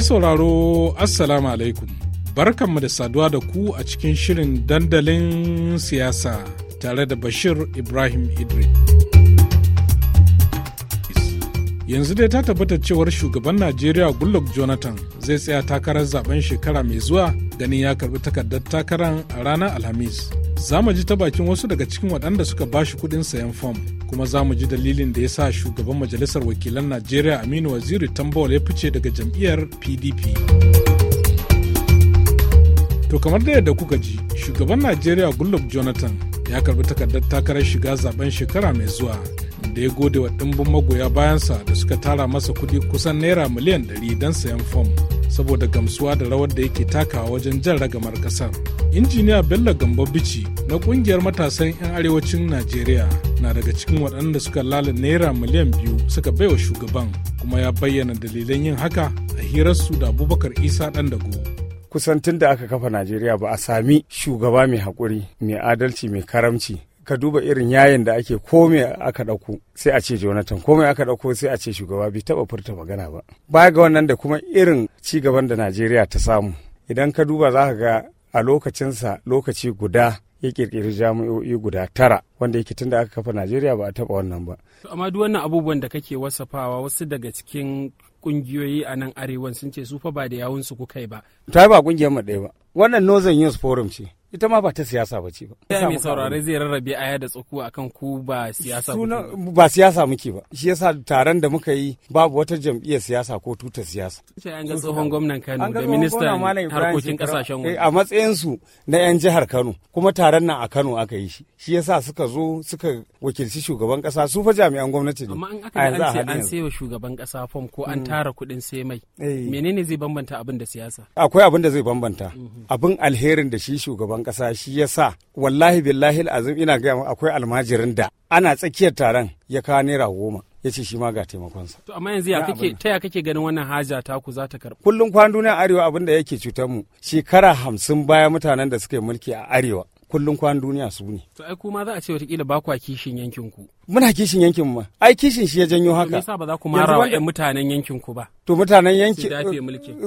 sauraro Assalamu alaikum. Barkanmu da saduwa da ku a cikin shirin dandalin siyasa tare da Bashir Ibrahim Idris. Yanzu dai ta tabbatar cewar shugaban Najeriya Goodluck Jonathan zai tsaya takarar zaben shekara mai zuwa ganin ya karbi takardar takarar a ranar Alhamis. Za mu ji ta bakin wasu daga cikin waɗanda suka ba shi kuɗin sayan fom kuma za mu ji dalilin da ya sa shugaban majalisar wakilan Najeriya Aminu Waziri Tambawal ya fice daga jam'iyyar PDP. To kamar da yadda kuka ji, shugaban Najeriya gullub Jonathan ya karbi takardar takarar shiga zaben shekara mai zuwa da ya gode wa ɗimbin magoya bayansa da suka tara masa kuɗi kusan naira miliyan 100 don sayan fom saboda gamsuwa da rawar da yake takawa wajen jan ragamar ƙasar. injiniya bello gambo bici na kungiyar matasan 'yan arewacin najeriya na daga cikin waɗanda suka lala naira miliyan biyu suka baiwa shugaban kuma ya bayyana dalilan yin haka a hirarsu da abubakar isa ɗan dago kusan tun da aka kafa Najeriya ba a sami shugaba mai haƙuri, mai adalci, mai karamci. Ka duba irin yayin da ake kome aka ɗauko sai a ce Jonathan, kome aka ɗauko sai a ce shugaba bai taɓa furta magana ba. Baya ga wannan da kuma irin ci gaban da Najeriya ta samu. Idan ka duba za ka ga a lokacinsa lokaci guda ya kirkiri jami'o'i guda tara wanda yake tun da aka kafa najeriya ba a taba wannan ba amma duk wannan abubuwan da kake wasafawa wasu daga cikin kungiyoyi a nan arewa sun ce su fa ba da yawunsu kuka ba ta ba kungiyar mu ɗaya ba wannan northern youth forum ce ita ma ba ta siyasa ba ce ba. Ya mai saurare zai rarrabe aya da tsakuwa akan ku ba siyasa Suna, ba siyasa muke ba. Shi yasa taron da muka yi babu wata jam'iyyar siyasa ko tuta siyasa. an ga tsohon gwamnan Kano da ministan harkokin kasashen waje. Eh, a matsayin su na 'yan jihar Kano kuma taron nan a Kano aka yi shi. Shi yasa suka zo suka wakilci shugaban kasa su fa jami'an gwamnati ne. Amma an aka an ce an shugaban kasa fom ko an mm. tara kuɗin sai mai. Eh. Menene zai bambanta abin da siyasa? Akwai abin da zai bambanta. Mhm. Abin alherin da shi shugaban ƙasa shi ya sa wallahi billahi azim ina gaya akwai almajirin da ana tsakiyar taron ya kawo naira goma ya ce shi ma ga taimakonsa. To amma yanzu ta ya kake ganin wannan haja ta ku za ta karɓi? Kullum kwan duniya arewa abin da yake cutar mu shekara hamsin baya mutanen da suka yi mulki a arewa kullum kwan duniya su ne to ai kuma za a ce watakila ba kwa kishin yankin ku muna kishin yankin ma ai kishin shi ya janyo haka me yasa ba za ku mara wa mutanen yankin ku ba to mutanen yankin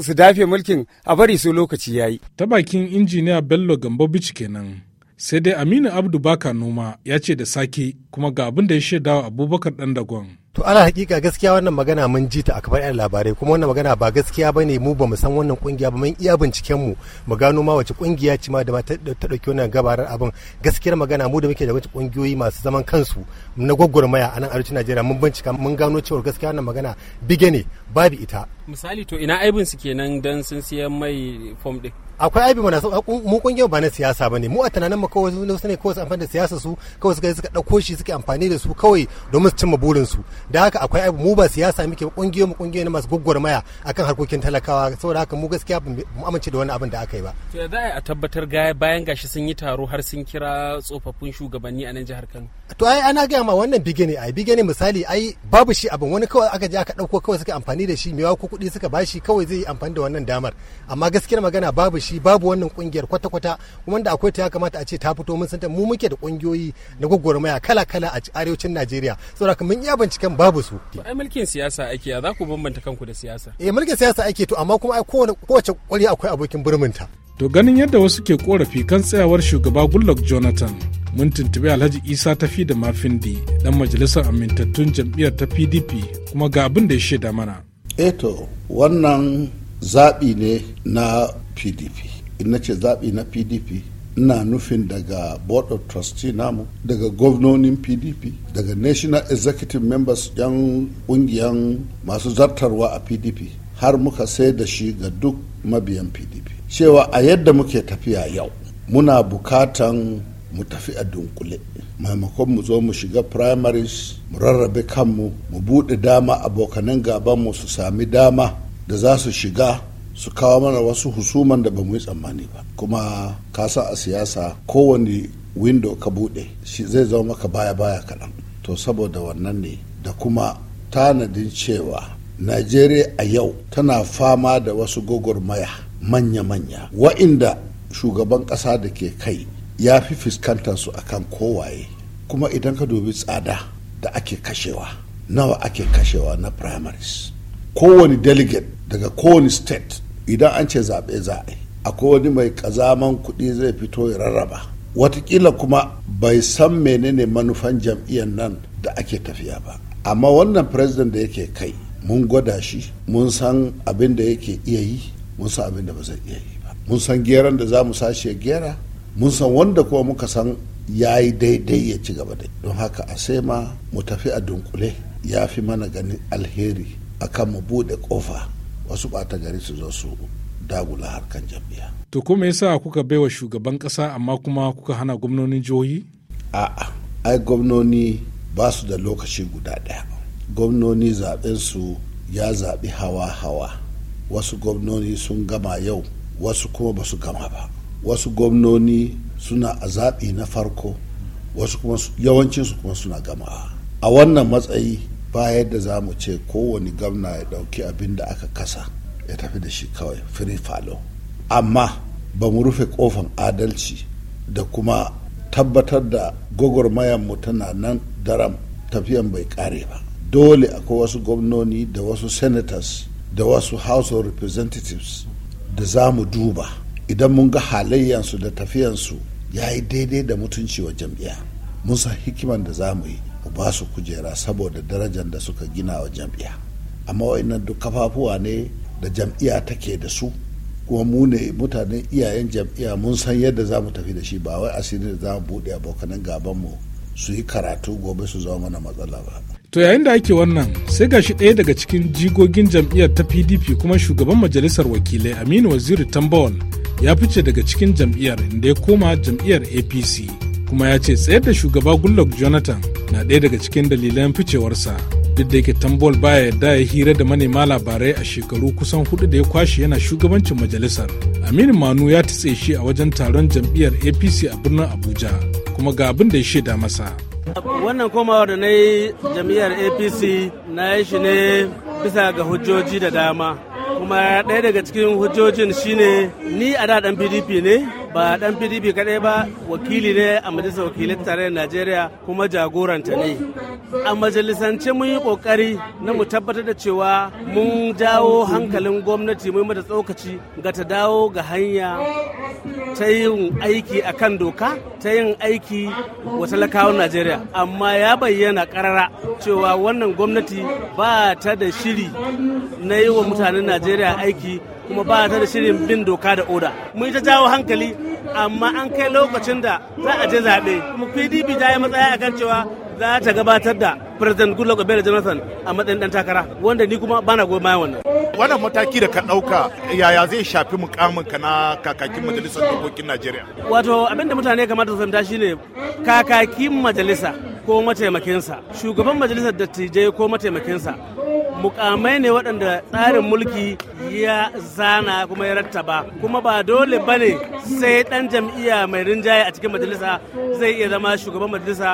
su dafe mulkin a bari su lokaci yayi ta bakin injiniya Bello Gambo bici kenan sai dai aminu abdu baka noma ya ce da sake kuma ga abin da ya shaida wa abubakar dan dagon to ala hakika gaskiya wannan magana mun ji ta a kamar yan labarai kuma wannan magana ba gaskiya bane mu ba mu san wannan kungiya ba mun iya binciken mu mu gano ma wace kungiya ce ma da ta dauki wannan gabarar abin gaskiyar magana mu da muke da wace kungiyoyi masu zaman kansu na gwaggwar maya a nan arewacin Najeriya mun bincika mun gano cewa gaskiya wannan magana bige ne babu ita misali to ina aibin su kenan dan sun siyan mai fom din akwai aibi mana mu kungiyar ba na siyasa bane mu a tunanin mu kawai su ne kawai su amfani da siyasa su kawai ga suka dauko shi suke amfani da su kawai domin su cimma burin su da haka akwai aibi mu ba siyasa muke kungiyar mu kungiyar ne masu maya akan harkokin talakawa saboda haka mu gaskiya mu amince da wani abin da aka yi ba to za a tabbatar ga bayan gashi sun yi taro har sun kira tsofaffin shugabanni a nan jihar Kano to ai ana ga ma wannan bige ne ai bige ne misali ai babu shi abin wani kawai aka je aka dauko kawai suke amfani da shi mewa ko kuɗi suka bashi kawai zai yi amfani da wannan damar amma gaskiyar magana babu shi shi babu wannan kungiyar kwata-kwata wanda akwai ta ya kamata a ce ta fito mun san ta mu muke da kungiyoyi na gwagwarmaya kala-kala a arewacin Najeriya saboda mun iya binciken babu su ai mulkin siyasa ake za ku bambanta kanku da siyasa eh mulkin siyasa ake to amma kuma ai kowace kwari akwai abokin burminta to ganin yadda wasu ke korafi kan tsayawar shugaba Goodluck Jonathan mun tuntubi alhaji isa tafi da mafindi dan majalisar amintattun jam'iyyar ta pdp kuma ga abin da ya shaida mana eto eh wannan zaɓi ne na pdp in na ce zaɓi na pdp ina nufin daga board of trustee namu daga gwamnonin pdp daga national executive members yan ƙungiyan masu zartarwa a pdp har muka sai da shi ga duk mabiyan pdp cewa a yadda muke tafiya yau muna bukatan mu tafi a dunkule maimakon mu zo mu shiga primaries mu rarrabe kanmu mu buɗe dama abokanan gaban mu su sami dama da za su shiga su kawo mana wasu husuman da ba mu yi tsammani ba kuma kasa a siyasa kowane window ka buɗe shi zai zama maka baya baya kaɗan to saboda wannan ne da kuma tanadin cewa najeriya a yau tana fama da wasu gwagwarmaya manya-manya wa'inda shugaban ƙasa da ke kai ya fi fuskantar su akan kowaye kuma idan ka dubi tsada da ake kashewa nawa ake kashewa na primaries kowane delegate daga kowane state idan an ce zaɓe za a yi akwai wani mai kazaman kuɗi zai fito ya rarraba watakila kuma bai san menene manufan jam'iyyar nan da ake tafiya ba amma wannan president da yake kai mun gwada shi mun san abin da yake iya yi mun san abin da ba zai iya yi ba mun san geran da za mu sashe gera mun san wanda kuma muka san ya yi daidai ya ci gaba da don haka a sai ma mu tafi a dunkule ya fi mana ganin alheri akan mu buɗe ƙofa wasu bata gari su zo su dagula harkan jam'iyya. To kuma yasa kuka baiwa shugaban ƙasa amma kuma kuka hana gwamnonin jihohi? A'a, ai gwamnoni ba su da lokaci guda ɗaya. Gwamnoni su ya zaɓi hawa-hawa. Wasu gwamnoni sun gama yau, wasu kuma ba su gama ba. Wasu gwamnoni suna a zaɓi na farko, wasu kuma yawancinsu kuma suna gamawa. A wannan matsayi ba yadda za mu ce kowane gwamna ya ɗauki abin da aka kasa ya tafi da shi kawai free follow amma ba mu rufe kofan adalci da kuma tabbatar da gwagwarmayan mu tana nan daram tafiyan bai kare ba dole akwai wasu gwamnoni da wasu senators da wasu house of representatives da za mu duba idan mun ga halayyansu da tafiyansu ya yi daidai da mutunci wa jam'iyya mun san hikiman da za mu yi ku ba su kujera saboda darajar da suka gina wa jam'iyya amma wa'annan duk kafafuwa ne da jam'iyya take da su kuma mu ne mutanen iyayen jam'iya mun san yadda za mu tafi da shi ba wai asiri da za mu buɗe abokanan mu su yi karatu gobe su zama mana matsala ba. To yayin da ake wannan sai gashi ɗaya daga cikin jigogin jam'iyyar ta PDP kuma shugaban majalisar wakilai Aminu Waziri Tambawal ya fice daga cikin jam'iyyar inda ya koma jam'iyyar APC. kuma ya ce tsayar da shugaba goodluck jonathan na ɗaya daga cikin dalilan ficewarsa duk da yake tambol baya yarda ya hira da manema labarai a shekaru kusan hudu da ya kwashe yana shugabancin majalisar aminu manu ya tsaye shi a wajen taron jam'iyyar apc a birnin abuja kuma ga abin da ya shaida masa wannan komawa da na yi jam'iyyar apc na yi shi ne bisa ga hujjoji da dama kuma ɗaya daga cikin hujjojin shine ni a daɗan pdp ne ba dan pdp kadai ba wakili ne a majalisar wakilan tarayyar najeriya kuma jagoranta ne a majalisance mun yi kokari na mu tabbatar da cewa mun jawo hankalin gwamnati mun mata tsokaci ga ta dawo ga hanya ta yin aiki a kan doka ta yin aiki wa talakawan najeriya amma ya bayyana karara cewa wannan gwamnati ba ta da shiri na yi wa mutanen najeriya aiki kuma ba ta da shirin bin doka da oda mun ta jawo hankali amma an kai lokacin da za a je zaɓe kuma pdp ta yi matsaya kan cewa za ta gabatar da president goodluck abel jonathan a matsayin dan takara wanda ni kuma bana goyon bayan wannan wannan mataki da ka ɗauka yaya zai shafi mukamin ka na kakakin majalisar dokokin najeriya wato abinda mutane kamata su fahimta shine kakakin majalisa ko mataimakinsa shugaban majalisar dattijai ko mataimakinsa mukamai ne waɗanda tsarin mulki ya zana kuma ya rattaba kuma ba dole ba ne sai ɗan jam'iyya mai rinjaye a cikin majalisa zai iya zama shugaban majalisa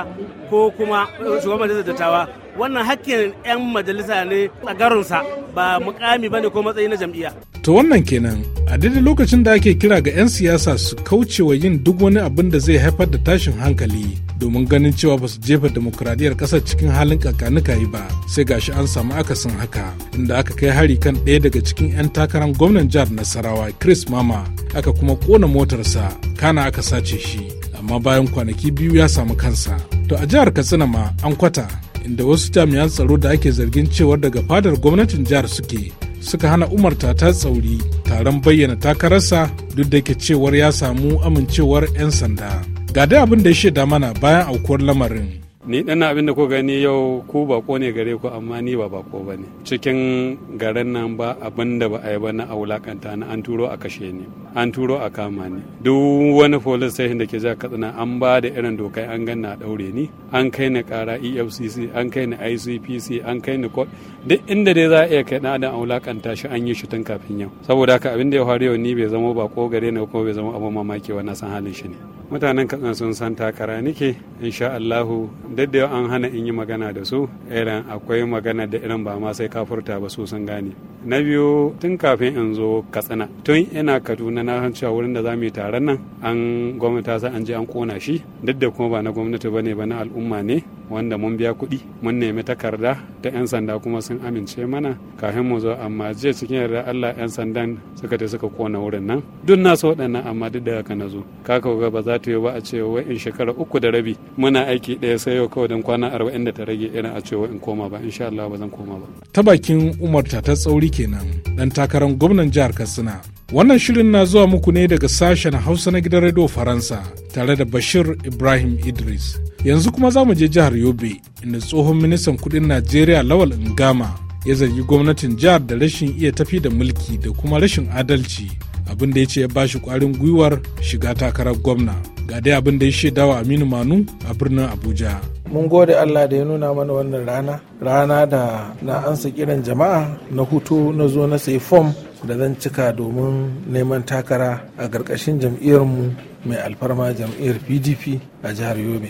ko kuma eh, shugaban majalisa dattawa wannan hakkin 'yan majalisa ne tsagarinsa ba mukami ba ne ko matsayi na jam'iyya. To wannan kenan a daidai lokacin da ake kira ga 'yan siyasa su kauce wa yin duk wani abin da zai haifar da tashin hankali domin ganin cewa ba su jefa demokradiyyar ƙasar cikin halin kakanuka yi ba sai gashi an samu akasin haka inda aka kai hari kan ɗaya daga cikin 'yan takarar gwamnan jihar nasarawa chris mama aka kuma kona motarsa kana aka sace shi amma bayan kwanaki biyu ya samu kansa to a jihar katsina ma an kwata inda wasu jami'an tsaro da ake zargin cewar daga fadar gwamnatin jihar suke suka hana umarta ta tsauri taron bayyana takararsa duk da ke cewar ya samu amincewar 'yan sanda Ga dai abin da ya shaida mana bayan aukuwar lamarin. ni dan abin da ku gani yau ku bako ne gare ku amma ni ba bako ba ne cikin garin nan ba abin da ba a yi ba na a wulakanta na an turo a kashe ni an turo a kama ni duk wani police station da ke za katsina an ba da irin dokai an ganna a daure ni an kai ni kara efcc an kai ni icpc an kai ni court duk inda dai za a iya kai dan a wulakanta shi an yi shi tun kafin yau saboda haka abin da ya faru yau ni bai zama bako gare ni kuma bai zama abin mamaki wannan san halin shi ne mutanen katsina sun san takara nike insha Allahu duk da an hana in yi magana da su irin akwai magana da irin ba ma sai ka ba su sun gane na biyu tun kafin in zo katsina tun ina kaduna na san cewa wurin da za mu yi taron nan an gwamnati sa an je an kona shi duk da kuma ba na gwamnati ba ne ba na al'umma ne wanda mun biya kuɗi mun nemi takarda ta 'yan sanda kuma sun amince mana kafin mu zo amma jiya cikin yarda Allah 'yan sandan suka ta suka kona wurin nan duk na so waɗannan amma duk da haka na zo kaka ga ba za ta yi ba a ce wai in shekara uku da rabi muna aiki ɗaya sai yau kawai don kwana arba'in da ta rage irin a cewa in koma ba insha Allah ba zan koma ba. Ta bakin Umar ta tsauri kenan dan takarar gwamnan jihar Katsina. Wannan shirin na zuwa muku ne daga sashen Hausa na gidan Radio Faransa tare da Bashir Ibrahim Idris. Yanzu kuma za mu je jihar Yobe inda tsohon ministan kudin Najeriya Lawal Ngama ya zargi gwamnatin jihar da rashin iya tafi da mulki da kuma rashin adalci abin da ya ce ya ba shi kwarin gwiwar shiga takarar gwamna ga dai abin da ya wa aminu manu a birnin abuja mun gode allah da ya nuna mana wannan rana rana da na ansa kiran jama'a na hutu na zo na sayi fom da zan cika domin neman takara a ƙarƙashin jam'iyyarmu mai alfarma jam'iyyar pdp a jihar yobe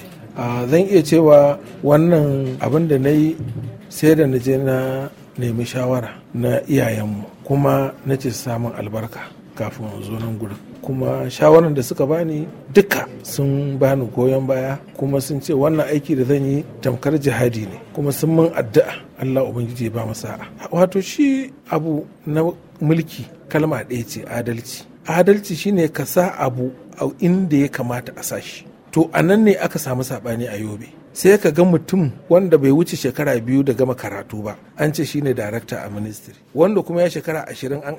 zan iya cewa wannan abin da na yi sai da na je na nemi shawara na iyayenmu kuma na ce samun albarka kafin zo nan gurin kuma shawarar da suka bani duka sun bani goyon baya kuma sun ce wannan aiki da zan yi tamkar jihadi ne kuma sun min addu'a Allah ubangiji ba masa wato shi abu na mulki kalma ɗaya ce adalci adalci shine ka sa abu a inda ya kamata a sashi to a nan ne aka samu saɓani a yobe sai ka ga mutum wanda bai wuce shekara biyu da gama karatu ba an ce shine darakta a ministry wanda kuma ya shekara ashirin an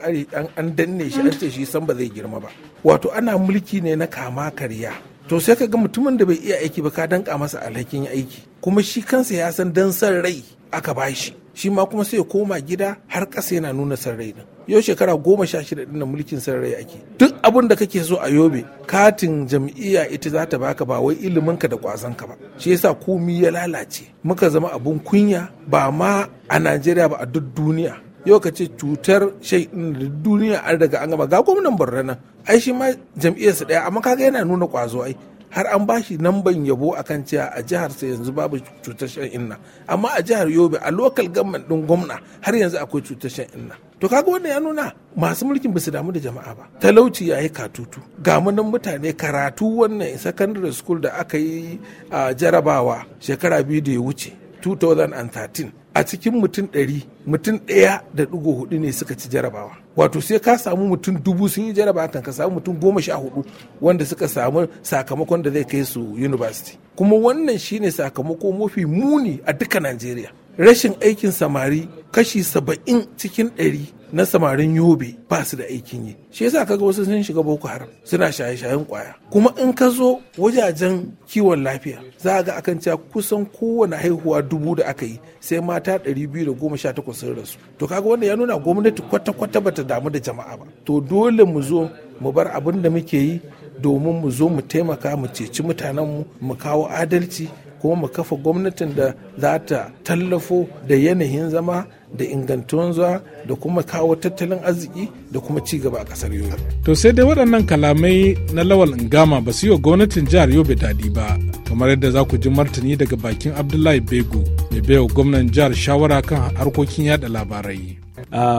an danne shi an ce shi san ba zai girma ba wato ana mulki ne na kama karya to sai ka ga mutumin da bai iya aiki ba ka danka masa alhakin aiki kuma shi kansa ya san dan san rai aka bashi shi ma kuma sai ya koma gida har ƙasa yana nuna san rai din yau shekara goma sha shida din nan mulkin sarari ake duk abin da kake so a yobe katin jam'iyya ita za ta baka ba wai ilimin ka da kwazon ka ba shi yasa komi ya lalace muka zama abun kunya ba ma a najeriya ba a duk duniya yau ka ce cutar shai da duniya an daga an gama ga gwamnan borno nan ai shi ma jam'iyyarsa daya amma kaga yana nuna kwazo ai har an bashi namban yabo a kan cewa a jihar sa yanzu babu cutar shan inna amma a jihar yobe a lokal government din gwamna har yanzu akwai cutar shan inna to kaga wannan ya nuna masu mulkin ba su damu da jama'a ba talauci ya yi katutu ga munan mutane karatu wannan secondary school da aka yi a jarabawa shekara biyu da ya wuce 2013 a cikin mutum ɗari mutum ɗaya da ɗigo hudu ne suka ci jarabawa wato sai ka samu mutum dubu sun yi jarabawa ka samu mutum goma sha hudu wanda suka samu sakamakon da zai kai su university kuma wannan shine sakamako mafi muni a duka najeriya rashin aikin samari kashi saba'in cikin ɗari na samarin yobe ba su da aikin yi shi yasa kaga wasu sun shiga boko haram suna shaye-shayen kwaya kuma in ka zo wajajen kiwon lafiya za a ga akan cewa kusan kowane haihuwa dubu da aka yi sai mata biyu da goma sha 218 sun rasu to kaga wanda ya nuna gwamnati kwata-kwata bata damu da jama'a ba to dole mu zo mu bar abin da muke yi domin mu zo mu taimaka mu ceci mutanenmu mu kawo adalci kuma mu kafa gwamnatin da za ta tallafo da yanayin zama da ingantuwan zuwa da kuma kawo tattalin arziki da kuma ci gaba a kasar yobe. to sai dai waɗannan kalamai na lawal ngama ba su yi wa gwamnatin jihar yobe dadi ba kamar yadda za ku ji martani daga bakin abdullahi Begu mai baiwa gwamnan jihar shawara kan harkokin yada labarai.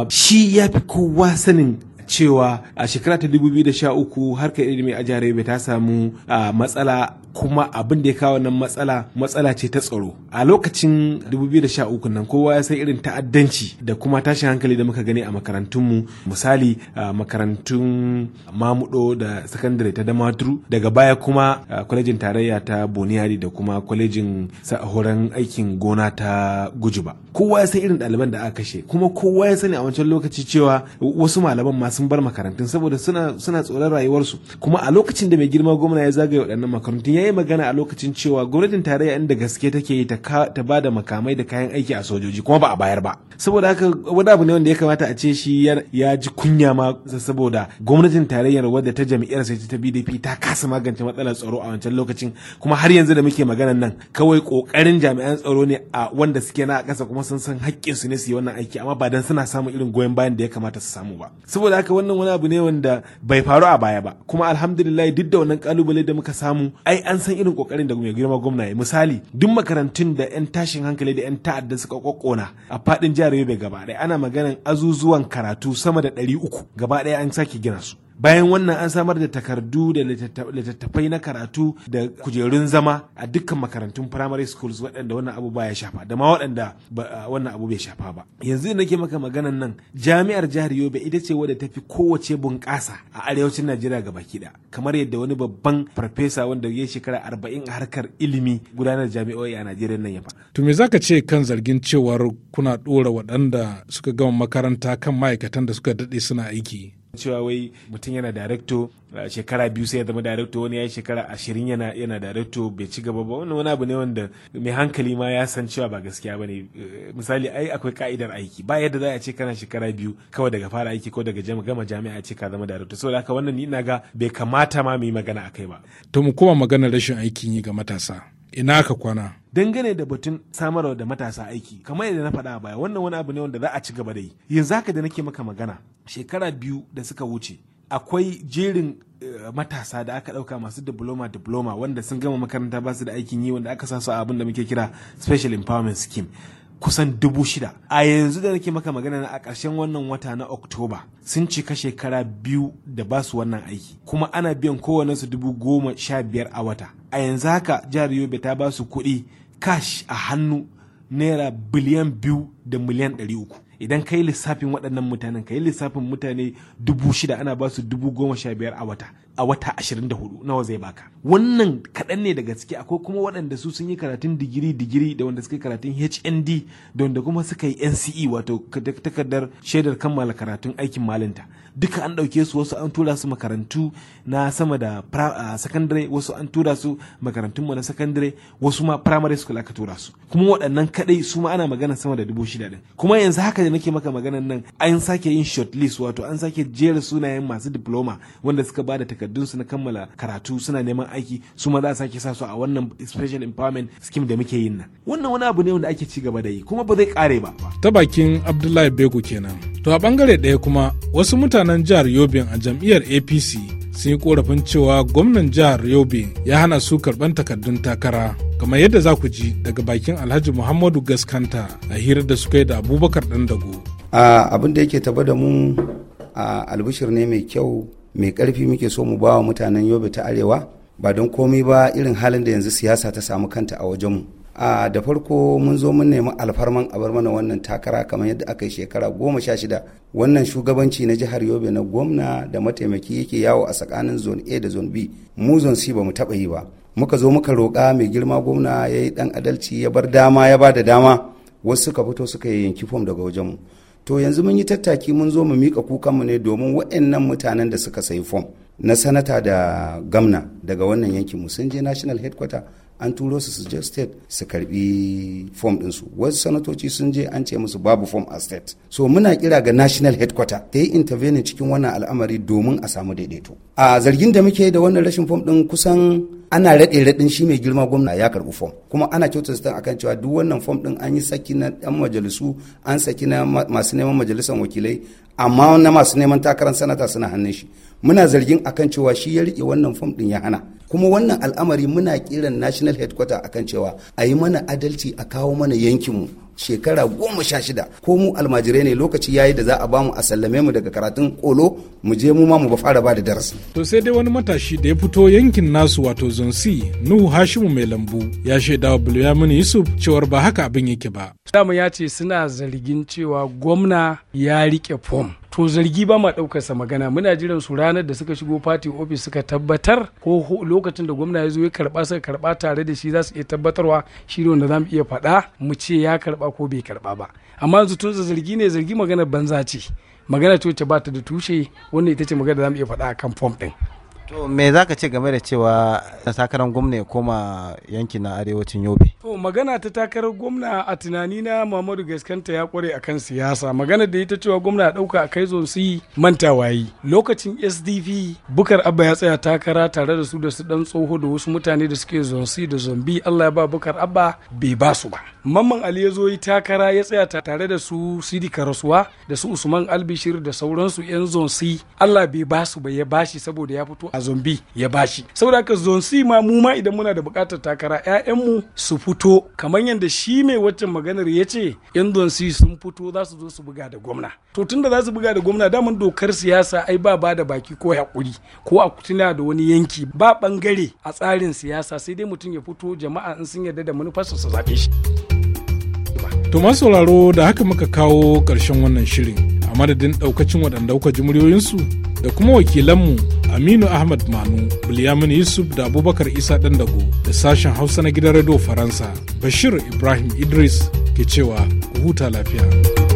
shi ya fi kowa sanin cewa a shekara ta 2013 harkar ilimi a jihar yobe ta samu matsala kuma abin da ya kawo nan matsala matsala ce ta tsaro a lokacin 2013 nan kowa ya san irin ta'addanci da kuma tashin hankali da muka gani a makarantunmu misali makarantun mamudo da sakandare ta damaturu daga baya kuma kwalejin tarayya ta boniyari da kuma kwalejin horon aikin gona ta gujuba kowa ya san irin ɗaliban da aka kashe kuma kowa ya sani a wancan lokaci cewa wasu malaman ma sun bar makarantun saboda suna suna tsoron rayuwarsu kuma a lokacin da mai girma gwamna ya zagaye waɗannan makarantun ya yi magana a lokacin cewa gwamnatin tarayya inda gaske take yi ta ba da makamai da kayan aiki a sojoji kuma ba a bayar ba saboda haka wani abu ne wanda ya kamata a ce shi ya ji kunya ma saboda gwamnatin tarayyar wadda ta jami'ar sai ta BDP ta kasa magance matsalar tsaro a wancan lokacin kuma har yanzu da muke maganan nan kawai kokarin jami'an tsaro ne a wanda suke na a ƙasa kuma sun san haƙƙin su ne su yi wannan aiki amma ba dan suna samun irin goyon bayan da ya kamata su samu ba saboda haka wannan wani abu ne wanda bai faru a baya ba kuma alhamdulillah duk da wannan kalubale da muka samu ai an an san irin kokarin da mai girma gwamna ya misali duk makarantun da 'yan tashin hankali da 'yan ta'adda suka kokona a fadin jihar Yobe gaba ɗaya ana maganan azuzuwan karatu sama da 300 gaba ɗaya an sake gina su bayan wannan an samar da takardu da littattafai na karatu da kujerun zama a dukkan makarantun primary schools waɗanda wannan abu ba ya shafa da ma waɗanda wannan abu bai shafa ba yanzu nake maka maganan nan jami'ar jihar yobe ita ce wadda tafi kowace bunƙasa a arewacin najeriya gaba kiɗa kamar yadda wani babban farfesa wanda ya shekara arba'in a harkar ilimi gudanar jami'o'i a najeriya nan ya fa. to me zaka ce kan zargin cewar kuna ɗora waɗanda suka gama makaranta kan ma'aikatan da suka daɗe suna aiki cewa wai mutum yana darakto shekara biyu sai ya zama darekto wani ya yi shekara ashirin yana yana darakto bai ci gaba ba wannan wani abu ne wanda mai hankali ma ya san cewa ba gaskiya ba ne misali ai akwai ka'idar aiki ba yadda za a ce kana shekara biyu kawai daga fara aiki ko daga gama jami'a a ce ka zama darakto saboda haka wannan ni na ga bai kamata ma mu yi magana akai ba. ta mu koma maganar rashin aikin yi ga matasa. ina ka kwana dangane da batun samarwa da matasa aiki kamar yadda na faɗa baya wannan wani abu ne wanda za a ci gaba da yi yanzu haka da nake maka magana shekara biyu da suka wuce akwai jerin eh, matasa da aka ɗauka masu diploma diploma wanda sun gama makaranta ba su da aikin yi wanda aka sa su a abin da muke kira special empowerment scheme kusan dubu shida a yanzu da nake maka magana a ƙarshen wannan wata na oktoba sun cika shekara biyu da ba su wannan aiki kuma ana biyan su dubu goma sha biyar a wata a yanzu haka jihar yobe ta ba su kuɗi cash a hannu naira biliyan biyu da miliyan ɗari uku idan ka yi lissafin waɗannan mutanen ka yi lissafin mutane dubu shida ana ba su dubu goma sha biyar a wata a wata 24 nawa zai baka wannan kaɗan ne daga ciki akwai kuma waɗanda su sun yi karatun digiri digiri da wanda suka yi karatun HND da wanda kuma suka yi NCE wato takardar shaidar kammala karatun aikin malinta duka an ɗauke su wasu an tura su makarantu na sama da sakandare wasu an tura su makarantun mu na sakandare wasu ma primary school aka tura su kuma waɗannan kaɗai su ma ana magana sama da dubu shida din kuma yanzu haka da nake maka maganan nan an sake yin list wato an sake jera sunayen masu diploma wanda suka ba da su na kammala karatu suna neman aiki su ma za a sake sa su a wannan special empowerment scheme da muke yin nan wannan wani abu ne wanda ake ci gaba da yi kuma ba zai kare ba ta bakin abdullahi bego kenan to a bangare daya kuma wasu mutanen jihar yobe a jam'iyyar apc sun yi korafin cewa gwamnan jihar yobe ya hana su karban takardun takara kamar yadda za ku ji daga bakin alhaji muhammadu gaskanta a hirar da suka yi da abubakar dandago abin da yake taba da mu a albishir ne mai kyau mai karfi muke so mu ba wa mutanen yobe ta arewa ba don komai ba irin halin da yanzu siyasa ta samu kanta a wajenmu a da farko mun zo mun nemi alfarman a bar mana wannan takara kamar yadda aka yi shekara goma sha shida wannan shugabanci na jihar yobe na gwamna da mataimaki yake yawo a tsakanin zone a da zone b mu zone c ba mu taɓa yi ba muka zo muka roƙa mai girma gwamna ya yi ɗan adalci ya bar dama ya ba da dama wasu suka fito suka yi yanki fom daga wajenmu to yanzu mun yi tattaki mun zo mu miƙa kukanmu ne domin waɗannan mutanen da suka sayi fom na sanata da gamna daga wannan yankin mu sun je national headquarter an turo su su je state su karbi form su wasu sanatoci sun je an ce musu babu form a state so muna kira ga national headquarter ta yi intervenin cikin wannan al'amari domin a samu daidaito a zargin da muke da wannan rashin form ɗin kusan ana raɗe raɗin shi mai girma gwamna ya karbi fom kuma ana kyautata akan cewa duk wannan fom ɗin an yi saki na ɗan majalisu an saki na masu neman majalisar wakilai amma na masu neman takarar sanata suna hannun shi muna zargin akan cewa shi ya riƙe wannan fom ɗin ya hana kuma wannan al'amari muna kiran national headquarter akan cewa a yi mana adalci a kawo mana yankinmu shekara goma sha shida ko mu almajirai ne lokaci yayi da za a bamu a sallame mu daga karatun kolo mu je mu ma mu ba fara ba da darasi. To sai dai wani matashi da ya fito yankin nasu wato zonsi Nuhu Hashimu mai lambu ya shaida wa mini Yusuf cewar ba haka abin yake ba. Damu ya ce suna zargin cewa gwamna ya rike fom. to zargi ba ma ɗaukarsa magana muna jiran su ranar da suka shigo fati ofis suka tabbatar ko lokacin da gwamna ya zo ya karba suka karɓa tare da shi za su iya tabbatarwa shi ne wanda za mu iya faɗa mu ce ya karba ko bai karba ba amma yanzu tun zargi ne zargi magana banza ce magana ce wacce ba ta da tushe wannan ita ce magana da za mu iya faɗa akan fom ɗin to me za ka ce game da cewa takarar gwamna ya koma yankin na arewacin yobe to magana ta takarar gwamna a tunanina muhammadu gaskanta ya kware a kan siyasa magana da ita cewa gwamna ya dauka a kai zonsi manta wayi lokacin sdv bukar abba ya tsaya takara tare da su da su dan tsoho da wasu mutane da suke zonsi da zombi allah ya ba bukar abba bai ba su ba mamman ali ya zo yi takara ya tsaya tare da su sidi karasuwa da su usman albishir da sauransu yan zonsi allah bai ba su ba ya bashi saboda ya fito a zombi ya bashi saboda haka zonsi ma mu ma idan muna da bukatar takara mu su fito kamar yadda shi mai waccan maganar ya ce 'yan zonsi sun fito za su zo su buga da gwamna to tunda za su buga da gwamna daman dokar siyasa ai ba ba da baki ko hakuri ko a kutuna da wani yanki ba bangare a tsarin siyasa sai dai mutum ya fito jama'a in sun yarda da manufarsa su zaɓe shi To masu sauraro da haka muka kawo ƙarshen wannan shirin a madadin ɗaukacin waɗanda kuka ji muryoyinsu da kuma wakilanmu aminu ahmad manu bilyamin yusuf da abubakar isa dandago da sashen hausa na gidan radio faransa bashir ibrahim idris ke cewa huta lafiya